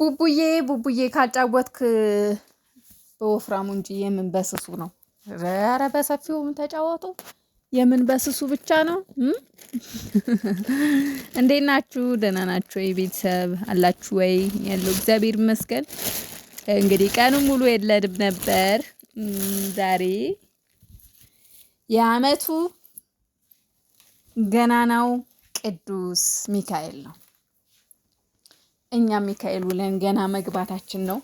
ቡቡዬ ቡቡዬ ካልጫወትክ በወፍራሙ እንጂ የምን በስሱ ነው? ኧረ በሰፊውም ተጫወቱ። የምን በስሱ ብቻ ነው። እንዴት ናችሁ? ደህና ናችሁ ወይ? ቤተሰብ አላችሁ ወይ? ያለው እግዚአብሔር ይመስገን። እንግዲህ ቀኑ ሙሉ የለንም ነበር። ዛሬ የአመቱ ገናናው ቅዱስ ሚካኤል ነው። እኛ ሚካኤል ውለን ገና መግባታችን ነው።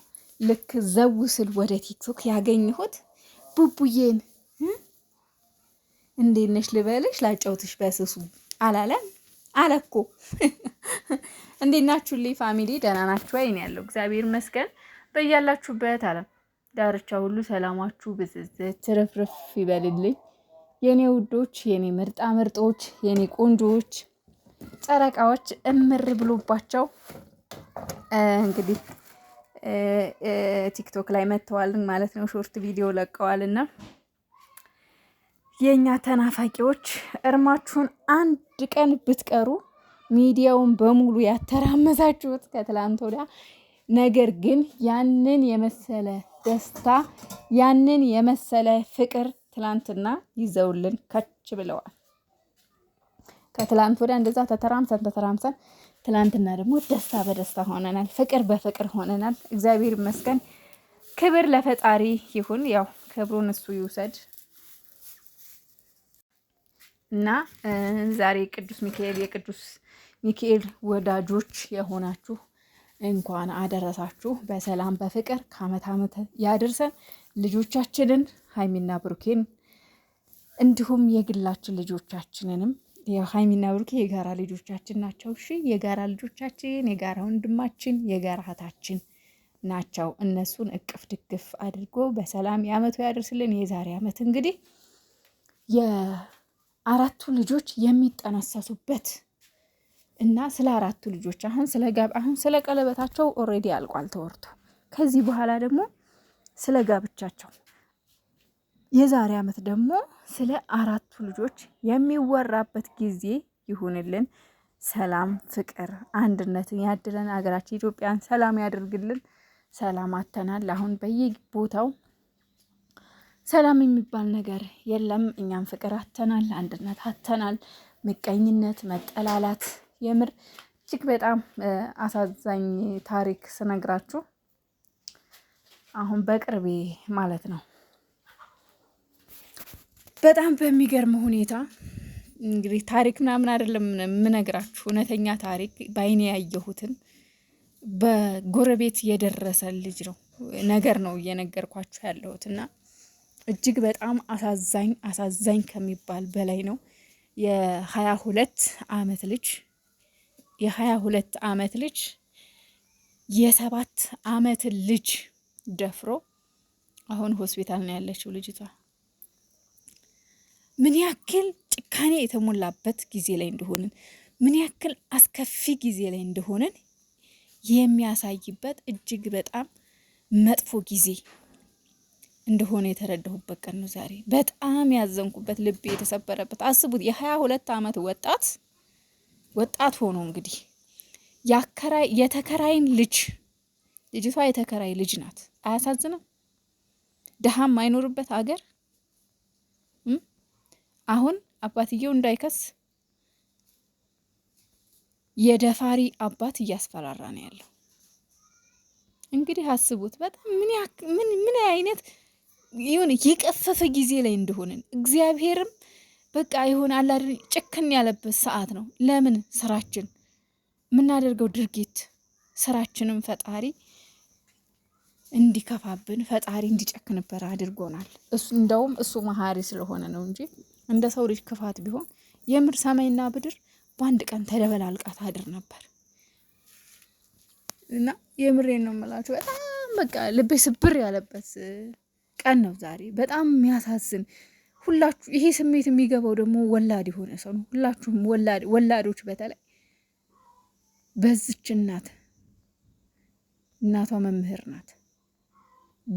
ልክ ዘው ስል ወደ ቲክቶክ ያገኘሁት ቡቡዬን እንዴት ነሽ ልበልሽ ላጫውትሽ በስሱ አላለም አለኮ። እንዴት ናችሁልኝ ፋሚሊ ደህና ናችሁ? አይን ያለው እግዚአብሔር ይመስገን። በያላችሁበት አለም ዳርቻ ሁሉ ሰላማችሁ ብዝዝት ትርፍርፍ ይበልልኝ የኔ ውዶች፣ የኔ ምርጣ ምርጦች፣ የኔ ቆንጆዎች ጨረቃዎች እምር ብሎባቸው እንግዲህ ቲክቶክ ላይ መጥተዋል ማለት ነው። ሾርት ቪዲዮ ለቀዋል እና የእኛ ተናፋቂዎች እርማችሁን አንድ ቀን ብትቀሩ ሚዲያውን በሙሉ ያተራመሳችሁት ከትላንት ወዲያ ነገር ግን ያንን የመሰለ ደስታ ያንን የመሰለ ፍቅር ትላንትና ይዘውልን ከች ብለዋል። ከትላንት ወዲያ እንደዛ ተተራምሰን ተተራምሰን ትላንትና ደግሞ ደስታ በደስታ ሆነናል፣ ፍቅር በፍቅር ሆነናል። እግዚአብሔር ይመስገን። ክብር ለፈጣሪ ይሁን። ያው ክብሩን እሱ ይውሰድ እና ዛሬ ቅዱስ ሚካኤል የቅዱስ ሚካኤል ወዳጆች የሆናችሁ እንኳን አደረሳችሁ። በሰላም በፍቅር ከአመት አመት ያደርሰን። ልጆቻችንን ሀይሚና ብሩኬን እንዲሁም የግላችን ልጆቻችንንም ያው ሀይሚና ብሩኬ የጋራ ልጆቻችን ናቸው። እሺ የጋራ ልጆቻችን፣ የጋራ ወንድማችን፣ የጋራ እህታችን ናቸው። እነሱን እቅፍ ድግፍ አድርጎ በሰላም የአመቱ ያደርስልን። የዛሬ አመት እንግዲህ የአራቱ ልጆች የሚጠነሰሱበት እና ስለ አራቱ ልጆች አሁን ስለ ጋብ አሁን ስለ ቀለበታቸው ኦልሬዲ አልቋል ተወርቶ ከዚህ በኋላ ደግሞ ስለ ጋብቻቸው የዛሬ ዓመት ደግሞ ስለ አራቱ ልጆች የሚወራበት ጊዜ ይሁንልን። ሰላም፣ ፍቅር፣ አንድነትን ያድለን። ሀገራችን ኢትዮጵያን ሰላም ያደርግልን። ሰላም አተናል። አሁን በየቦታው ሰላም የሚባል ነገር የለም። እኛም ፍቅር አተናል፣ አንድነት አተናል። ምቀኝነት፣ መጠላላት የምር እጅግ በጣም አሳዛኝ ታሪክ ስነግራችሁ አሁን በቅርቤ ማለት ነው በጣም በሚገርም ሁኔታ እንግዲህ ታሪክ ምናምን አይደለም የምነግራችሁ፣ እውነተኛ ታሪክ በአይኔ ያየሁትን በጎረቤት የደረሰ ልጅ ነው ነገር ነው እየነገርኳችሁ ያለሁት እና እጅግ በጣም አሳዛኝ አሳዛኝ ከሚባል በላይ ነው። የሀያ ሁለት አመት ልጅ የሀያ ሁለት አመት ልጅ የሰባት አመት ልጅ ደፍሮ አሁን ሆስፒታል ነው ያለችው ልጅቷ። ምን ያክል ጭካኔ የተሞላበት ጊዜ ላይ እንደሆንን ምን ያክል አስከፊ ጊዜ ላይ እንደሆንን የሚያሳይበት እጅግ በጣም መጥፎ ጊዜ እንደሆነ የተረዳሁበት ቀን ነው ዛሬ። በጣም ያዘንኩበት፣ ልቤ የተሰበረበት። አስቡት የሀያ ሁለት አመት ወጣት ወጣት ሆኖ እንግዲህ የተከራይን ልጅ ልጅቷ የተከራይ ልጅ ናት። አያሳዝንም? ድሃም አይኖርበት አገር አሁን አባትየው እንዳይከስ የደፋሪ አባት እያስፈራራ ነው ያለው። እንግዲህ አስቡት በጣም ምን አይነት ይሁን የቀፈፈ ጊዜ ላይ እንደሆንን እግዚአብሔርም በቃ ይሁን አላድን ጭክን ያለበት ሰዓት ነው። ለምን ስራችን የምናደርገው ድርጊት ስራችንም ፈጣሪ እንዲከፋብን ፈጣሪ እንዲጨክንበት አድርጎናል። እሱ እንደውም እሱ መሀሪ ስለሆነ ነው እንጂ እንደ ሰው ልጅ ክፋት ቢሆን የምር ሰማይና ምድር በአንድ ቀን ተደበላልቃ ታድር ነበር። እና የምሬን ነው የምላችሁ። በጣም በቃ ልቤ ስብር ያለበት ቀን ነው ዛሬ። በጣም የሚያሳዝን ሁላችሁ ይሄ ስሜት የሚገባው ደግሞ ወላድ የሆነ ሰው ነው። ሁላችሁም ወላዶች በተለይ በዝች እናት እናቷ መምህር ናት።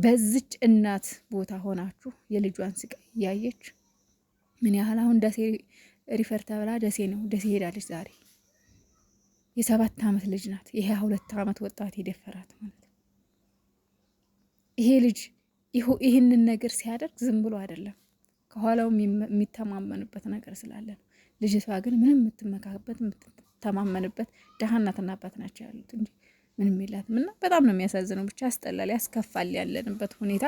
በዝች እናት ቦታ ሆናችሁ የልጇን ስቃይ እያየች ምን ያህል አሁን ደሴ ሪፈር ተብላ ደሴ ነው ደሴ ሄዳለች። ዛሬ የሰባት ዓመት ልጅ ናት። የሀያ ሁለት ዓመት ወጣት የደፈራት ማለት ነው። ይሄ ልጅ ይህንን ነገር ሲያደርግ ዝም ብሎ አይደለም፣ ከኋላው የሚተማመንበት ነገር ስላለ ነው። ልጅቷ ግን ምንም የምትመካበት የምትተማመንበት ደሃ እናትና አባት ናቸው ያሉት እንጂ ምንም የላትም። እና በጣም ነው የሚያሳዝነው። ብቻ ያስጠላል፣ ያስከፋል ያለንበት ሁኔታ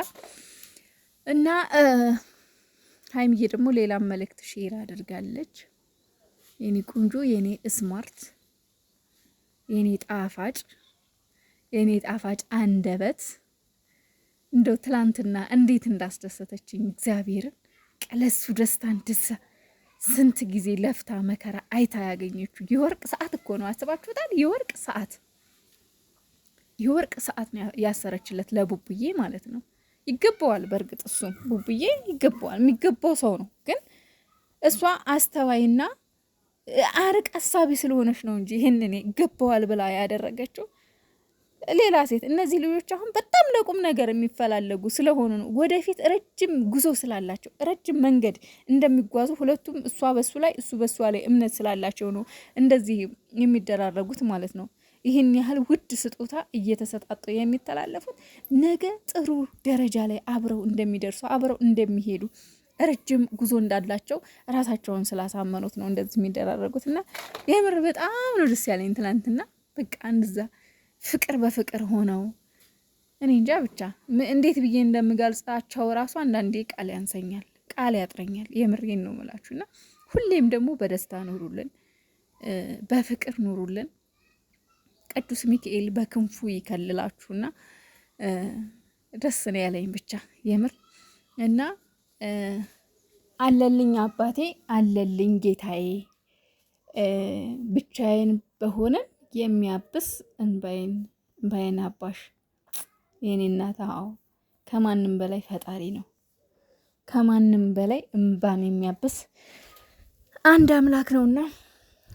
እና ሀይምዬ ደግሞ ሌላ መልእክት ሼር አድርጋለች። የኔ ቆንጆ፣ የኔ ስማርት፣ የኔ ጣፋጭ፣ የኔ ጣፋጭ አንደበት እንደው ትላንትና እንዴት እንዳስደሰተችኝ እግዚአብሔርን ቀለሱ ደስታ ድሳ ስንት ጊዜ ለፍታ መከራ አይታ ያገኘችው የወርቅ ሰዓት እኮ ነው። አስባችሁታል? የወርቅ ሰዓት የወርቅ ሰዓት ነው ያሰረችለት ለቡቡዬ ማለት ነው። ይገባዋል። በእርግጥ እሱ ቡቡዬ ይገባዋል፣ የሚገባው ሰው ነው። ግን እሷ አስተዋይና አርቅ አሳቢ ስለሆነች ነው እንጂ ይህንን ይገባዋል ብላ ያደረገችው ሌላ ሴት። እነዚህ ልጆች አሁን በጣም ለቁም ነገር የሚፈላለጉ ስለሆኑ ነው። ወደፊት ረጅም ጉዞ ስላላቸው ረጅም መንገድ እንደሚጓዙ ሁለቱም እሷ በሱ ላይ እሱ በሷ ላይ እምነት ስላላቸው ነው እንደዚህ የሚደራረጉት ማለት ነው። ይህን ያህል ውድ ስጦታ እየተሰጣጡ የሚተላለፉት ነገ ጥሩ ደረጃ ላይ አብረው እንደሚደርሱ አብረው እንደሚሄዱ ረጅም ጉዞ እንዳላቸው ራሳቸውን ስላሳመኑት ነው እንደዚህ የሚደራረጉት። እና የምር በጣም ነው ደስ ያለኝ ትላንትና በቃ እንደዛ ፍቅር በፍቅር ሆነው እኔ እንጃ ብቻ እንዴት ብዬ እንደምገልጻቸው ራሱ አንዳንዴ ቃል ያንሰኛል፣ ቃል ያጥረኛል። የምሬን ነው ምላችሁ። እና ሁሌም ደግሞ በደስታ ኑሩልን፣ በፍቅር ኑሩልን። ቅዱስ ሚካኤል በክንፉ ይከልላችሁና ደስ ነው ያለኝ ብቻ የምር እና አለልኝ አባቴ አለልኝ ጌታዬ ብቻዬን በሆነ የሚያብስ እንባይን እንባይን አባሽ የኔ እናት አዎ ከማንም በላይ ፈጣሪ ነው ከማንም በላይ እንባን የሚያብስ አንድ አምላክ ነውና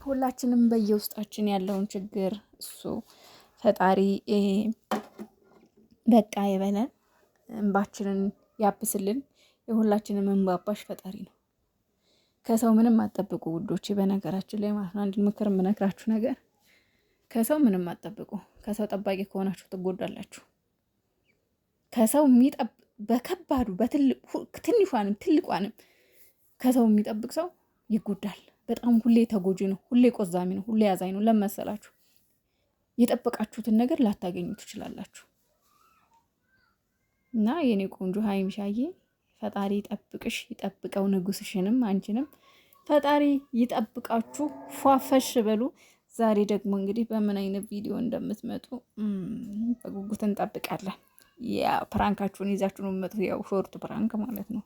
ሁላችንም በየውስጣችን ያለውን ችግር እሱ ፈጣሪ በቃ የበለን እንባችንን ያብስልን። የሁላችንም እንባባሽ ፈጣሪ ነው። ከሰው ምንም አጠብቁ ውዶቼ፣ በነገራችን ላይ ማለት ነው አንድ ምክር የምነግራችሁ ነገር ከሰው ምንም አጠብቁ። ከሰው ጠባቂ ከሆናችሁ ትጎዳላችሁ። ከሰው የሚጠብ በከባዱ በትንሿንም ትልቋንም ከሰው የሚጠብቅ ሰው ይጎዳል። በጣም ሁሌ ተጎጂ ነው፣ ሁሌ ቆዛሚ ነው፣ ሁሌ ያዛኝ ነው። ለመሰላችሁ የጠበቃችሁትን ነገር ላታገኙ ትችላላችሁ። እና የኔ ቆንጆ ሀይምሻዬ ፈጣሪ ይጠብቅሽ፣ ይጠብቀው ንጉስሽንም አንቺንም ፈጣሪ ይጠብቃችሁ። ፏፈሽ በሉ። ዛሬ ደግሞ እንግዲህ በምን አይነት ቪዲዮ እንደምትመጡ በጉጉት እንጠብቃለን። ያ ፕራንካችሁን ይዛችሁ ነው የምትመጡት፣ ያው ሾርት ፕራንክ ማለት ነው።